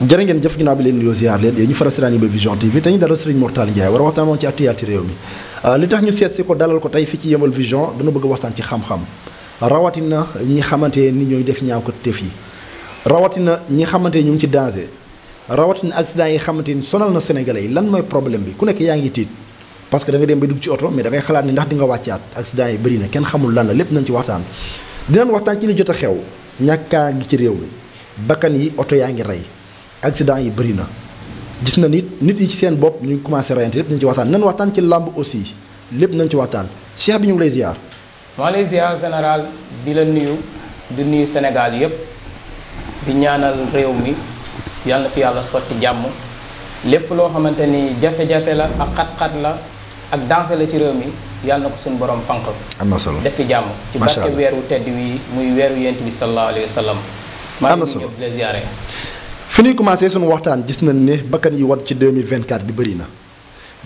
jërë ngeen jëf ginnaaw bi leen nuyoo ziar leen yéen ñu faral seetaan Yëmbël Vision TV te ñu dalal Serigne Mor Tall war a waxtaan moom ci actualité réew mi ah, li tax ñu seet si ko dalal ko tey fii ci Yëmbël Vision dañu bëgg waxtaan ci xam-xam rawatina ñi xamante ni ñooy def ñaaw ko tef yi rawatina ñi xamante ñu ngi ci danger rawatina accident yi xamante ni sonal na Sénégalais yi lan mooy problème bi ku nekk yaa ngi tiit parce que da dem ba dugg ci oto mais da xalaat ni ndax di nga wàccaat accident yi na kenn xamul lan la lépp nañ ci waxtaan dinañ waxtaan ci li jot a xew ñàkkaa ngi ci réew mi bakkan yi oto yaa ngi rey accident yi bëri na gis na nit nit yi ci seen bopp ñu ngi commencé rayante lépp nañ ci waxtaan nañ waxtaan ci làmb aussi lépp nañ ci waxtaan cheikh bi ñu ngi lay ziar. maa lay di la nuyu di nuyu Sénégal yëpp di ñaanal réew mi yàlla na fi yàlla sotti jàmm lépp loo xamante ni jafe-jafe la ak xat-xat la ak danse la ci réew mi yàlla na ko suñu borom fanq. am na solo def fi jàmm. ci barke weeru tedd wi muy weeru yent bi sallallahu alayhi wa sallam. am na solo fi ñuy commencé suñu waxtaan gis nañ ne bakkan yi wat ci 2024 bi bëri na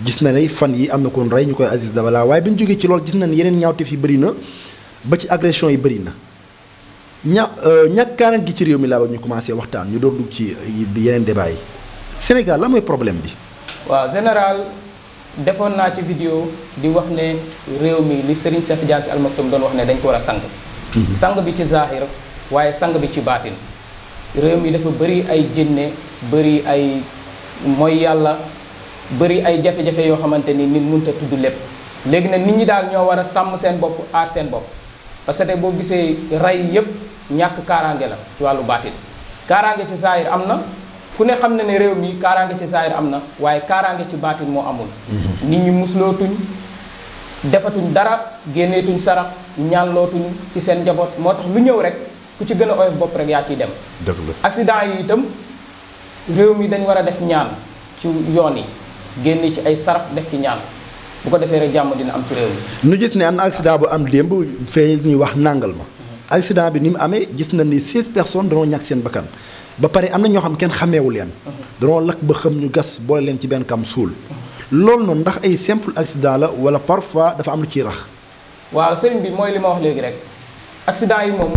gis na ne fan yi am na koon rey ñu koy Aziz Dabala waaye bi ñu jógee ci loolu gis nañ yeneen ñaawteef yi bëri na ba ci agression yi bëri na ña euh, ñàkk kaaraange gi ci réew mi laa ba ñu commencé waxtaan ñu door dugg ci euh, yeneen débat yi Sénégal la mooy problème bi. waaw général defoon naa ci vidéo di wax ne réew mi li Serigne Cheikh Tidiane Sy Al Maktoum doon wax ne dañ ko war a sang. Mhm. sang bi ci zahir waaye sang bi ci baatin. réew mi dafa bëri ay jinne bëri ay mooy yàlla bëri ay jafe-jafe yoo xamante ni nit mënut a tudd lépp léegi nag nit ñi daal ñoo war a sàmm seen bopp aar seen bopp parce que boo gisee rey yépp ñàkk kaaraange la ci wàllu baatin kaaraange ci saayir am na ku ne xam ne ne réew mi kaaraange ci saayir am na waaye kaaraange ci baatin moo amul mm-hmm. nit ñi muslootuñ defatuñ dara génneetuñ sarax ñaanlootuñ ci seen njaboot moo tax lu ñëw rek ku ci gën a oyof bopp rek yaa ciy dem. dëgg la accident yi itam réew mi dañ war a def ñaan ci yoon yi génn ci ay sarax def ci ñaan bu ko defee rek jàmm dina am ci réew mi. nu gis ne am na accident bu am démb fee ñuy wax nangal ma. accident bi ni mu amee gis na ni seize personnes danoo ñàkk seen bakkan ba pare am na ñoo xam kenn xameewu leen. Mhm. danoo lakk ba xëm ñu gas boole leen ci benn kam suul. loolu noonu ndax ay simple accident la wala parfois dafa am lu ci rax. waaw sëriñ bi mooy li ma wax léegi rek accident yi moom.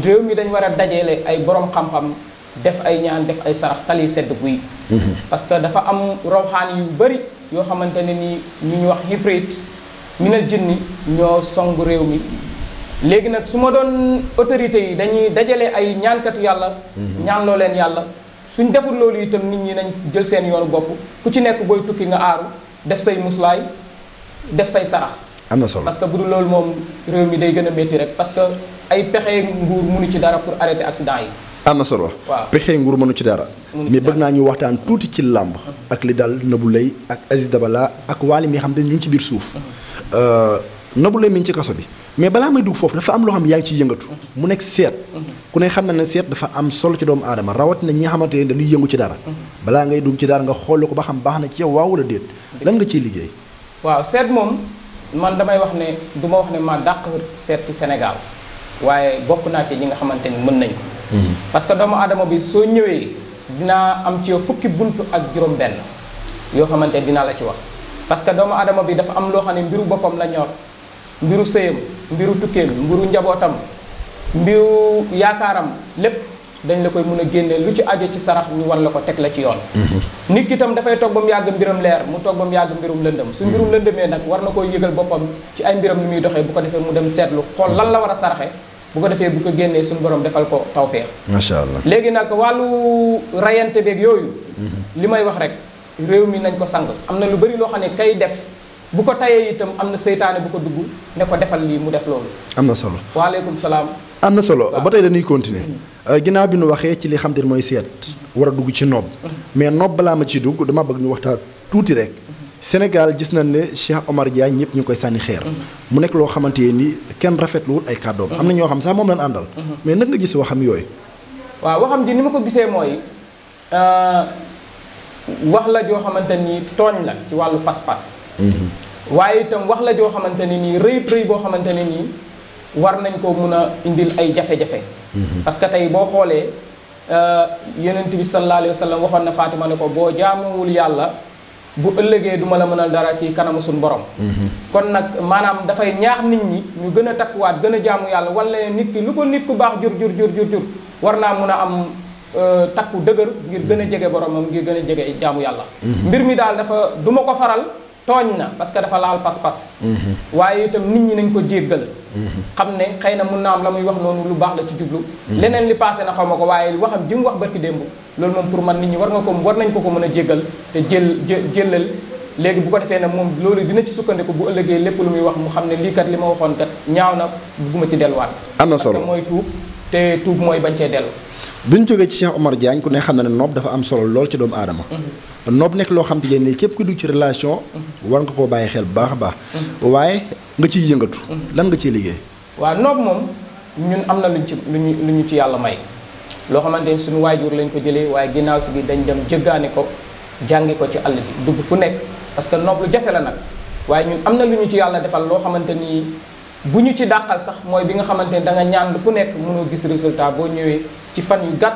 réew mi dañ war a dajale ay borom xam-xam def ay ñaan def ay sarax tali sedd buy. parce que dafa am rawxaan yu bëri yoo xamante ne ni ñu ñu wax xifrit minal jinni ñoo song réew mi. léegi nag su ma doon autorité yi dañuy dajale ay ñaankatu yàlla. Mhm. ñaan loo leen yàlla suñ deful loolu itam nit ñi nañ jël seen yoonu bopp ku ci nekk booy tukki nga aaru def say muslaay def say sarax. am na parce que bu dul loolu moom réew mi day gën a métti rek parce ay pexe nguur mënu ci dara pour arrêter accident yi. am na solo waaw pexe nguur mënu ci dara. mais bëgg naa ñu waxtaan tuuti ci làmb. ak li dal Nabou Leye ak Aziz Dabala ak Waly mi xam ne ñu ngi ci biir suuf. Mhm. Euh, Nabou Leye mi ngi ci kaso bi mais balaa may dugg foofu dafa am loo xam yaa ngi ciy yëngatu. Mhm. mu nekk seet. Mhm. ku ne xam na ne seet dafa am solo ci doomu aadama rawatina ñi xamante ne dañuy yëngu ci dara. balaa ngay dugg ci dara nga xool ko ba xam baax na ci yow waaw wala déet. nga ciy liggéey. waaw seet moom man damay wax ne du ma wax ne ma dàq seet ci Sénégal waaye bokk naa ci ñi nga xamante ni mën nañ ko mm-hmm. parce que doomu adama bi soo ñëwee dinaa am ci yow fukki bunt ak juróom benn yoo xamante ni dinaa la ci wax parce que doomu aadama bi dafa am loo xam ne mbiru boppam la ñor mbiru sëyam mbiru tukkeem mbiru njabootam mbiru yaakaaram lépp dañ la koy mun a génnee lu ci aju ci sarax ñu war na ko teg la ci yoon nit ki itam dafay toog ba mu yàgg mbiram leer mu toog ba mu yàgg mbirum lëndëm su mbirum lëndëmee nag war na koy yëgal boppam ci ay mbiram ni muy doxee bu ko defee mu dem seetlu xool lan la war a saraxe bu ko defee bu ko génnee suñu borom defal ko tawféex macha allah léegi nag wàllu rayante beeg yooyu li may wax rek réew mi nañ ko sang am na lu bari loo xam ne kay def bu ko tayee itam am na seytaane bu ko dugg ne ko defal lii mu def loolu am na solo waaleykum salaam am na solo ba tey dañuy Euh, ginnaaw bi nu waxee ci li xam te ne mooy seet war a dugg ci noob mais noob balaa ma ciy dugg dama bëgg ñu waxtaan tuuti rek Sénégal gis nañ ne Cheikh Omar Diagne ñëpp ñu koy sànni xeer mu nekk loo xamante ni kenn rafetluwul ay kàddoom am na ñoo xam sax moom lañ àndal mais nag nga gis waxam yooyu waaw waxam ji ni ma ko gisee mooy euh, wax la joo xamante ni tooñ la ci wàllu pas-pas mhm. waaye itam wax la joo xamante ne nii rëy rëy boo xamante ne nii war nañ ko mun a indil ay jafe-jafe mhm. parce que tey boo xoolee euh, yonent bi sallallahu alayhi wa sallam waxoon na Fatima ne ko boo jaamuwul yàlla bu ëllëgee duma la mën mënal dara ci kanamu suñu borom mhm. kon nag maanaam dafay ñaax nit ñi ñu gën a takkuwaat gën a jaamu yàlla wala nit ki lu ko nit ku baax jur jur jur jur jur war naa mun a am euh, takku dëgër ngir gën a jege boromam ngir gën a jege jaamu yàlla mhm. mbir mi daal dafa duma ko faral tooñ na parce que dafa laal pas-pas mhm. waaye itam nit ñi nañ ko jéggal mhm. xam ne xëy na mun naa am la muy wax noonu lu baax la ci jublu mhm. leneen li passé na xaw ma ko waaye waxam ji mu wax barki démb loolu moom pour man nit ñi war nga ko war nañ ko ko mën a jéggal te jël jëlal léegi bu ko defee nag moom loolu dina ci sukkandiku bu ëllëgee lépp lu muy wax mu xam ne lii kat li ma waxoon kat ñaaw na bugguma ci delluwaat am na solo mooy tuub te tuub mooy bañ cee dellu bu ñu jógee ci Cheikh Omar Diagne ku ne xam na ne nopp dafa am solo lool ci doomu aadama. Mm-hmm. nopp nekk loo xam te ne képp ku dugg ci relation. Mm-hmm. war nga koo bàyyi xel bu baax a baax. Mm-hmm. waaye nga ciy yëngatu. lan nga ciy liggéey. waa nopp moom ñun am na luñ ci lu ñu lu ñu ci yàlla may loo xamante ni suñu waajur lañ ko jëlee waaye ginnaaw si bi dañ dem jëggaani ko jàngi ko ci àll bi dugg fu nekk parce que nopp lu jafe la nag waaye ñun am na lu ñu ci yàlla defal loo xamante ni. bu ñu ci dàqal sax mooy bi nga xamante ni da nga ñaan fu nekk mënoo gis résultat boo ñëwee ci fan yu gàtt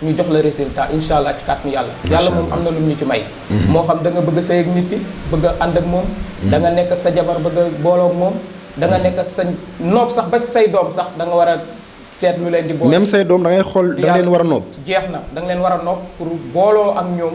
ñu jox la résultat incha allah ci kàttanu yàlla. yàlla moom am na lu ñu ci may. Mhm. moo xam da nga bëgg a sëy ak nit ki bëgg ànd ak moom. Mhm. danga nekk ak sa jabar bëgg a booloo ak moom. da nga mhm. nekk ak sa noob sax ba say doom sax danga war a seet lu leen di. boole même say doom da ngay xool da nga leen war a noob. jeex na da leen war a noob pour booloo ak ñoom.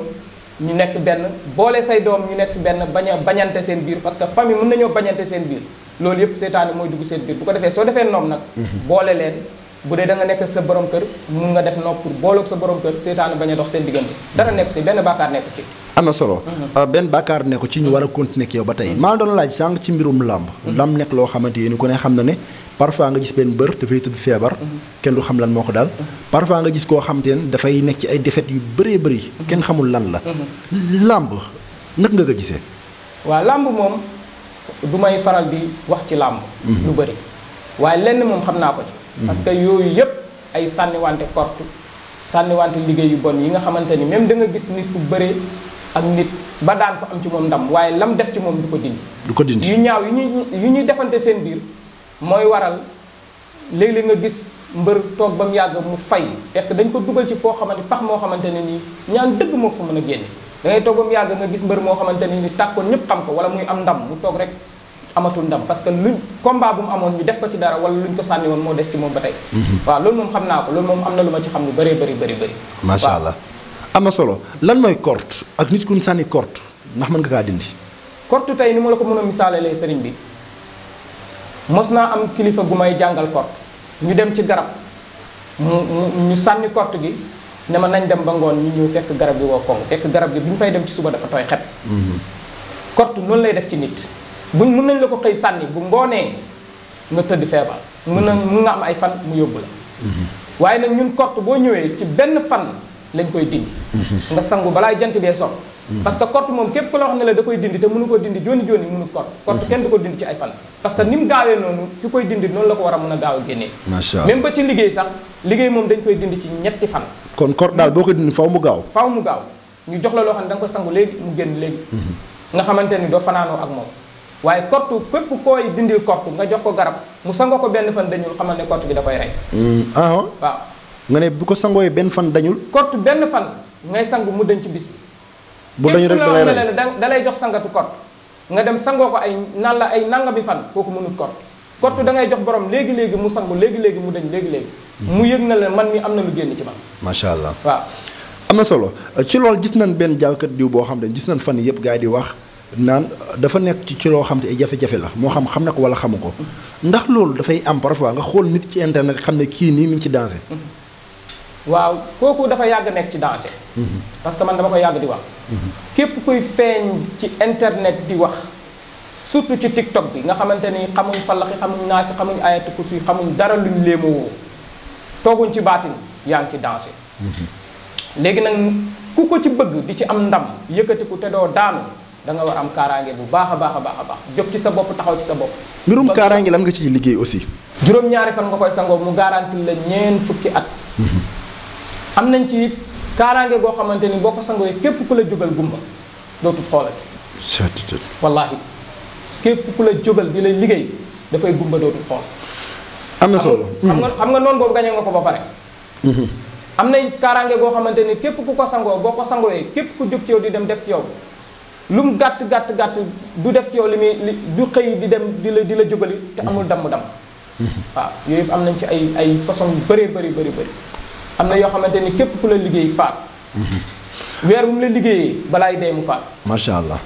ñu nekk benn boole say doom ñu nekk benn bañ bañante seen biir parce que famille mën nañoo bañante seen biir loolu yëpp seytaane mooy dugg seen biir bu ko defee soo defee noom nag boole leen bu dee da nga nekk sa borom kër mun nga def nopp pour booloog sa borom kër seytaane bañ a dox seen diggante dara nekku si benn bàkkaar nekku ci am na solo mhm. euh, benn bàkkaar nekku ci ñu war a continuer yow ba tey mhm. maa doon laaj sànq ci mbirum làmb mhm. làmb nekk loo xamante yéen ku ne xam na ne parfois nga gis benn bër dafay tëdd feebar kenn du xam lan moo ko daal parfois nga gis koo xamante ne dafay nekk ci ay défaites yu bëree bëri kenn xamul lan la làmb naka nga gisee waaw làmb du may faral di wax ci làmb mhm. lu bëri waaye lenn moom xam naa ko ci mhm. parce que yooyu yëpp ay sànniwante porte sànniwante liggéey yu bon yi nga xamante ni même da nga gis nit ku bëree ak nit ba daan ko am ci moom ndam waaye lam def ci moom du ko dindi du ko dindi yu ñaaw yu ñuy yu ñuy defante seen biir mooy waral léeg-léeg nga gis mbër toog ba mu yàgg mu fay fekk dañ ko dugal ci foo xamante pax moo xamante ne nii ñaan dëgg moo fa mën a génne da ngay toog mu yàgg nga gis mbër moo xamante ni ni tàkkoon ñëpp xam ko wala muy am ndam mu toog rek amatul ndam parce que luñ combat mu amoon ñu def ko ci dara wala luñ ko sànni woon moo des ci moom ba tey mhm. waaw loolu moom xam naa ko loolu moom am na lu ma ci xam lu bëree bëri bëri bëri macha allah am na solo lan mooy korte ak nit ku sànni korte ndax mën nga kaa dindi korte tey ni ma la ko mën a misaalalee sëriñ bi mos naa am kilifa gu may jàngal korte ñu dem ci garab mu ñu sànni kort gi ne ma nañ dem ba ngoon ñu ñëw fekk garab gi woo kong fekk garab gi bi ñu fay dem ci suba dafa tooy xet mhm. korte noonu lay def ci nit buñ mun nañ la ko xëy sànni bu ngoonee nga tëdd feebar mën na mën mhm. nga am ay fan mu yóbbu la mhm. waaye nag ñun korte boo ñëwee ci benn fan lañ koy dind nga sangu balaa jant bee so parce que kort moom képp ku la ne la da koy dindi te mënu ko dindi joni joni mënu kort kort mhm. kenn du ko dindi ci ay fan parce que ni mu gaawee noonu ki koy dindi noonu la ko war a mën a gaaw a génnee macha allah ba ci liggéey sax liggéey moom dañ koy dindi ci ñetti fan kon kort daal boo ko dindi faw mu gaaw faw mu gaaw ñu jox la loo xam ne danga ko koy sangu léegi mu génn léegi mhm. nga xamante ni doo fanaanoo ak moom waaye kort képp kooy dindil kort nga jox ko garab mu sangoo ko benn fan dañul xamal ne kort gi da koy rey mm, ah, ah. waaw nga ne bu ko sangoo yi benn fan dañul. kott benn fan ngay sangu mu dañ ci bis bi. bu dañu rek dalay rey da lay jox sangatu kott nga dem sangoo ko ay nan la ay bi fan kooku mënut kott. kott da ngay jox borom léegi léegi mu sangu léegi léegi mu deñ léegi léegi. mu yëg na leen man mi am na lu génn ci man. macha allah waaw. am na solo ci loolu gis nañ benn jaaykat diw boo xam ne gis nañ fan yëpp gars yi di wax naan dafa nekk ci ci loo xam ne ay jafe-jafe la moo xam xam na ko wala xamu ko ndax loolu dafay am parfois xool nit ci internet xam ne kii nii mi ngi ci danger. Mm-hmm. waaw kooku dafa yàgg nekk ci danger. Mhm. parce que man dama ko yàgg di wax. Mhm. képp kuy feeñ ci internet di wax surtout ci TikTok bi nga xamante ni xamuñ fallaxi xamuñ si xamuñ ayatu kursi xamuñ dara luñ léemoo tooguñ ci baatin yaa ci danger. Mhm. léegi nag ku ko ci bëgg di ci am ndam yëkkatiku te doo daanu da nga war am kaaraange bu baax a baax a baax a baax jóg ci sa bopp taxaw ci sa bopp. mbirum kaaraange lan nga ci liggéey aussi. juróom-ñaari fan nga koy sangoo mu garanti la ñeent fukki at. am nañ ci it kaaraange goo xamante ni boo ko sangooy képp ku la jógal gumba dootul xoolati wallaahi képp ku la jógal di lay liggéey dafay gumba dootul xool am na solo xam nga xam nga noonu boobu gañe nga ko ba pare mm-hmm. am na kaaraange goo xamante ni képp ku ko sangoo boo ko sangooyee képp ku jóg ci yow di dem def ci yow lu mu gàtt gàtt gàtt du def ci yow li muy li du xëy di dem di la di la jógali te amul mm-hmm. damm-damm mm-hmm. waaw yooyu yëpp am nañ ci ay ay façon yu bëree bëri bëri am na yoo xamante ni képp ku la liggéey faat weer wu mu la liggéeyee balaay dee mu faat macha allah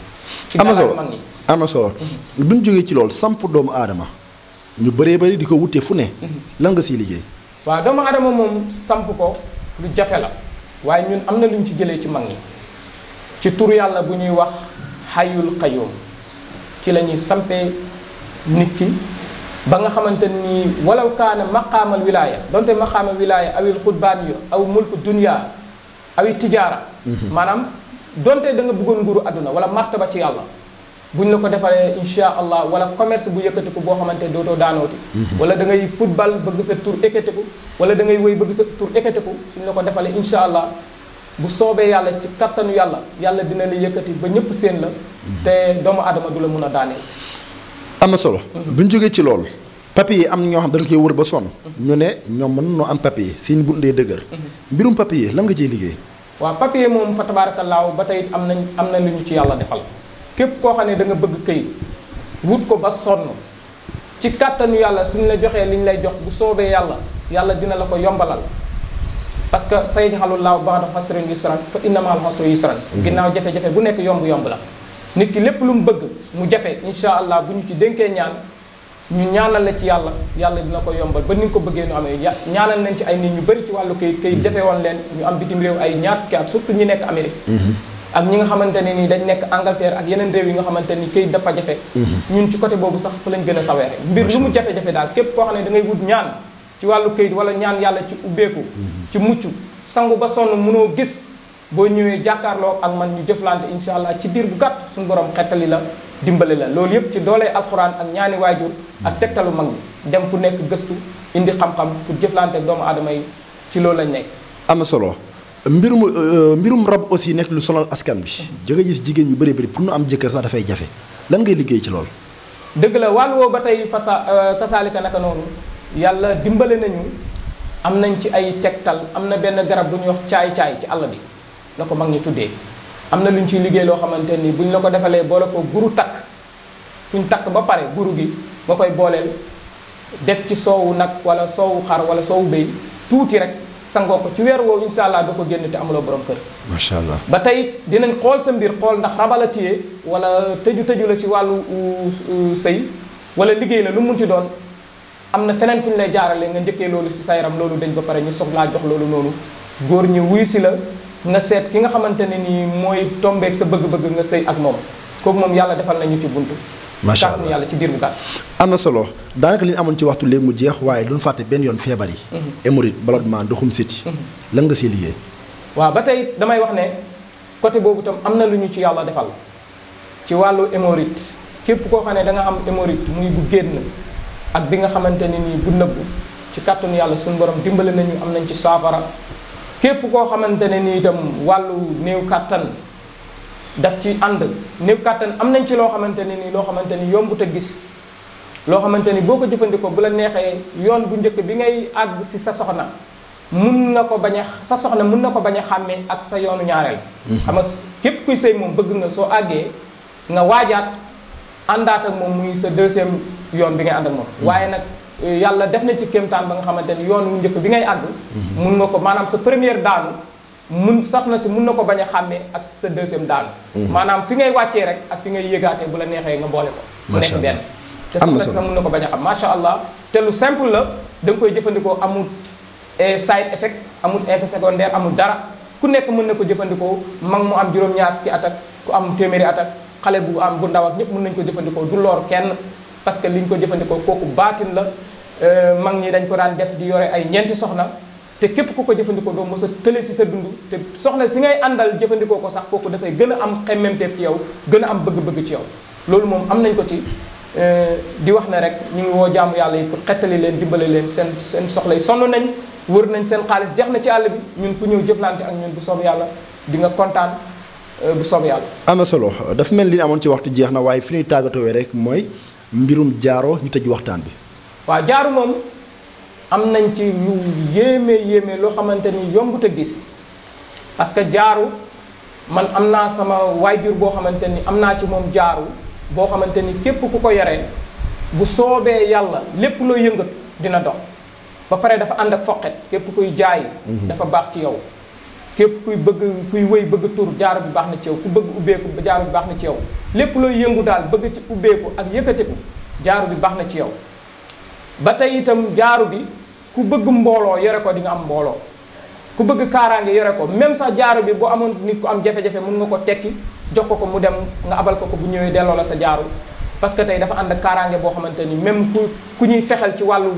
amaso amaso mhm. bu ñu jógee ci loolu samp doomu aadama ñu bëree bëri di ko wute fu ne mhm. lan nga siy liggéey waaw doomu aadama moom samp ko lu jafe la waaye ñun am na luñ ci jëlee ci mag ñi ci tur yàlla bu ñuy wax xayul xayoom ci lañuy ñuy nit ki ba nga xamante nii walaw kaana maqaamal wilaaya donte maqaamal wilaaya awil xutbaan yu aw mulku dunya awi tijaara mhm. maanaam donte da nga bëggoon nguuru àdduna wala martaba ci yàlla buñ la ko defalee insha allah wala commerce bu yëkkatiku boo xamante dootoo daanooti mhm. wala dangay ngay football bëgg sa tur ekkatiku wala dangay ngay wéy bëgg sa tur ekkatiku suñ la ko defalee insha allah bu soobee yàlla ci kattanu yàlla yàlla dina la yëkkati ba ñëpp seen la mhm. te doomu adama du la mun a daaneel am na solo bu ñu jógee ci loolu papier yi am ñoo xam dañ koy wër ba sonn ñu ne ñoom mën noo am papier seen bundee dëgër mhm. mbirum papier lan nga ciy liggéey waaw papier moom fa laaw ba tey am nañ am na lu ñu ci yàlla defal képp koo xam ne danga bëgg këyit wut ko ba sonn ci kàttanu yàlla suñ la joxee liñ lay jox bu soobee yàlla yàlla dina la ko yombalal parce que sayaj'alu llaahu ba'da usrin yusran fa inna ma'al usri yusran mhm. ginnaaw jafe-jafe bu nekk yomb-yomb nit ki lépp lu mu bëgg mu jafe incha allah bu ñu ci denkee ñaan ñu ñaanal la ci yàlla yàlla dina ko yombal ba ni ko bëggee nu ya ñaanal nañ ci ay nit ñu bëri ci wàllu kayit kayit mm-hmm. jafe woon leen ñu am bitim réew ay ñaar fukki at surtout ñi nekk Amérique mm-hmm. ak ñi nga xamante ne ni dañ nekk Angleterre ak yeneen réew yi nga xamante ni kayit dafa jafe mm-hmm. ñun ci côté boobu sax fa lañ gën a saweere mbir lu mu jafe-jafe daal képp koo xam ne da ngay wut ñaan ci wàllu kayit wala ñaan yàlla ci ubbeeku ci mucc boo ñëwee jàkkaarloo ak man ñu jëflante incha allah ci diir bu gàtt suñu borom xettali la dimbale la loolu yëpp ci doole alxuraan ak ñaani waajur ak tegtalu mag ñi dem fu nekk gëstu indi xam-xam pour jëflante doomu aadama yi ci loolu lañ nekk. am na solo mbirum euh, mbirum rab aussi nekk lu sonal askan bi. jëga gis jigéen yu bëri bëri pour nu am jëkkër sax dafay jafe lan ngay liggéey ci loolu. dëgg la wàll woo ba tey fasa euh, kasaalika naka noonu yàlla dimbale nañu am nañ ci ay tegtal am na benn garab bu ñuy wax caay-caay ci àll bi. la ko mag ñi tuddee am na lu ñu ciy liggéey loo xamante nii bu buñ la ko defalee boole ko guru takk kuñ takk ba pare guru gi nga koy booleel def ci soowu nag wala soowu xar wala soowu béy tuuti rek sangoo ko ci weer woowu incha allah doo ko génn te amuloo borom kër. macha allah ba tey dinañ xool sa mbir xool ndax raba la téye wala tëju tëju la si wàllu sëy wala liggéey la lu mun munti doon. am na feneen fu ñu lay jaarale nga njëkkee loolu si sa yaram loolu dañ ba pare ñu soxlaa jox loolu noonu góor ñi wuyu si la na seet ki nga xamante ne nii mooy tombeek sa bëgg-bëgg nga sëy ak moom kooku moom yàlla defal nañu ci bunt macha allah yàlla ci diir bu gàtt. am na solo daanaka li ñu amoon ci waxtu léegi mu jeex waaye duñ fàtte benn yoon feebar yi. Mhm. hémorroïde ballonnement ndoxum siti mhm. lan nga siy liggéey. waaw ba tey damay wax ne côté boobu tam am na lu ñu ci yàlla defal ci wàllu hémorroïde képp koo xam ne da nga am hémorroïde muy bu génn ak bi nga xamante ne nii bu nëbbu ci kàttanu yàlla suñu borom dimbale nañu am nañ ci saafara. képp koo xamante ne nii itam wàllu néew kàttan daf ci ànd néew kàttan am nañ ci loo xamante ne nii loo xamante ni yombut a gis loo xamante ni boo ko jëfandikoo bu la neexee yoon bu njëkk bi ngay àgg si sa soxna mun nga ko bañ sa soxna mun na ko bañ a xàmmee ak sa yoonu ñaareel hmm. xam nga képp kuy sëy moom bëgg nga soo àggee nga waajaat àndaat ak moom muy sa deuxième yoon bi ngay ànd ak moom hmm. waaye nag yàlla def na ci kéemtaan ba nga xamante ni yoon wu njëkk bi ngay àgg mun nga ko maanaam sa première daanu mun sax na si mun na ko bañ a xàmmee ak sa deuxième daanu mm-hmm. maanaam fi ngay wàccee rek ak fi ngay yëgaatee bu la neexee nga boole ko mu nekk benn te sax na si mun na ko bañ a xam macha allah te lu simple la danga koy jëfandikoo amul eh, side effect amul effet secondaire amul dara ku nekk mun na ko jëfandikoo mag mu am juróom-ñaar fukki at ak ku am téeméeri at xale bu am bu ndaw ñëpp mën nañ ko jëfandikoo du lor kenn parce que liñ ko jëfandikoo kooku baatin la Euh, mag ñi dañ ko daan def di yore ay ñeenti soxna te képp ku ko jëfandikoo doo mos sa tële si sa dund te soxla si ngay àndal jëfandikoo ko sax kooku dafay gën a am xemmemteef ci yow gën a am bëgg-bëgg ci yow loolu moom am nañ ko ci euh, di wax ne rek ñu ngi woo jaamu yàlla yi pour leen dimbale leen seen seen soxla yi sonn nañ wër nañ seen xaalis jeex na ci àll bi ñun ku ñëw jëflante ak ñun bu soob yàlla di nga kontaan euh, bu soob yàlla am na solo dafa mel li amoon ci waxtu jeex na waaye fi ñuy tàggatoo rek mooy mbirum jaaro ñu tëj waxtaan bi waa jaaru moom am nañ ci lu yéeme yéeme loo xamante ni yombut a gis parce que jaaru man am naa sama waajur boo xamante ni am naa ci moom jaaru boo xamante ni képp ku ko yore bu soobee yàlla lépp looy yëngatu dina dox ba pare dafa ànd ak foqet képp kuy jaay. Mhm. dafa baax ci yow. képp kuy bëgg kuy wëy bëgg tur jaaru bi baax na ci yow ku bëgg ubbeeku jaaru bi baax na ci yow lépp looy yëngu daal bëgg ci ubbeeku ak yëkkatiku jaaru bi baax na ci yow. ba tey itam jaaru bi ku bëgg mbooloo yore ko di nga am mbooloo ku bëgg kaaraange yore ko même sax jaaru bi bu amoon nit ku am jafe-jafe mun nga ko tekki jox ko ko mu dem nga abal ko ko bu ñëwee delloo la sa jaaru parce que tey dafa ànd ak kaaraange boo xamante ni même ku ku ñuy fexel ci wàllu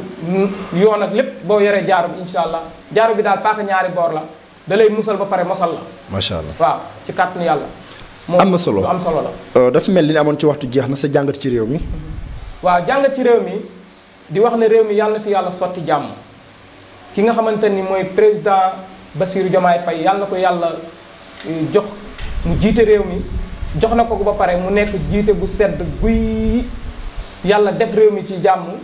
yoon ak lépp boo yoree jaaru bi incha allah jaaru bi daal paaka ñaari boor la dalay musal ba pare mosal la. macha allah waaw ci kàttanu yàlla. am na solo am solo la. Euh, dafa mel li amoon ci waxtu jeex na sa jàngat ci réew mi. di wax ne réew mi yàlla fi yàlla sotti jàmm ki nga xamante ni mooy président Bassirou Diomaye fay yàlla na ko yàlla eh, jox mu jiite réew mi jox na ko ba pare mu nekk jiite bu sedd guy yàlla def réew mi ci jàmm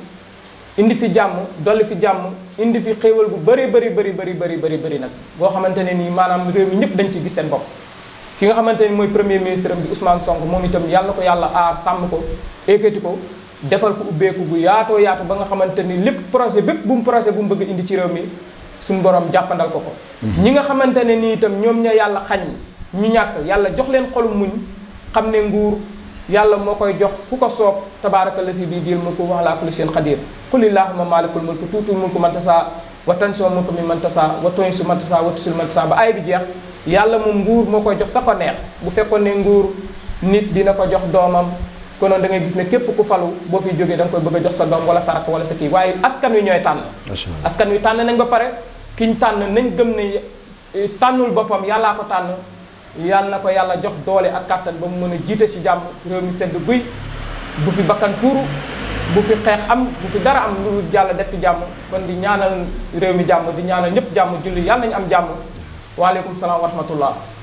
indi fi jàmm dolli fi jàmm indi fi xéewal gu bëri bëri bari bari bari bari bëri nag boo xamante ne nii maanaam réew mi ñëpp dañ ci gis seen bopp ki nga xamante ni mooy premier ministre am bi Ousmane Sonko moom itam yàlla ko yàlla aar sàmm ko ékkati ko defal ko ubbeeku gu yaatoo yaatu ba nga xamante ni lépp projet bépp bu mu projet bu mu bëgg indi ci réew mi suñu borom jàppandal ko ko. Mhm. ñi nga xamante ne nii itam ñoom ña yàlla xañ ñu ñàkk yàlla jox leen xolu muñ xam ne nguur yàlla moo koy jox ku ko soob tabaaraka la si bii diil mulku wa alaa kulli seen qadiir qul illaahumma maalikul mulki tuutul mulku man tasaa wa tanzi'ul mulka mimman tasaa wa tu'izzu man tasaa wa tuzillu man tasaa ba ay bi jeex yàlla moom nguur moo koy jox ka neex bu fekkoon ne nit dina ko jox doomam konoon da ngay gis ne képp ku falu boo fiy jógee da koy bëgg a jox sa doom wala sa rakk wala sa kii waaye askan wi ñooy tànn askan wi tànn nañ ba pare ñu tànn nañ gëm ne eh, tànnul boppam yàllaa ko tànn yàlla na ko yàlla jox doole ak kàttan ba mu mën a jiite ci jàmm réew mi sedd guy bu fi bakkan tuuru bu fi xeex am bu fi dara am lu jàll def fi jàmm kon di ñaanal réew mi jàmm di ñaanal ñëpp jàmm julli yàlla nañu am jàmm waaleykum salaam wa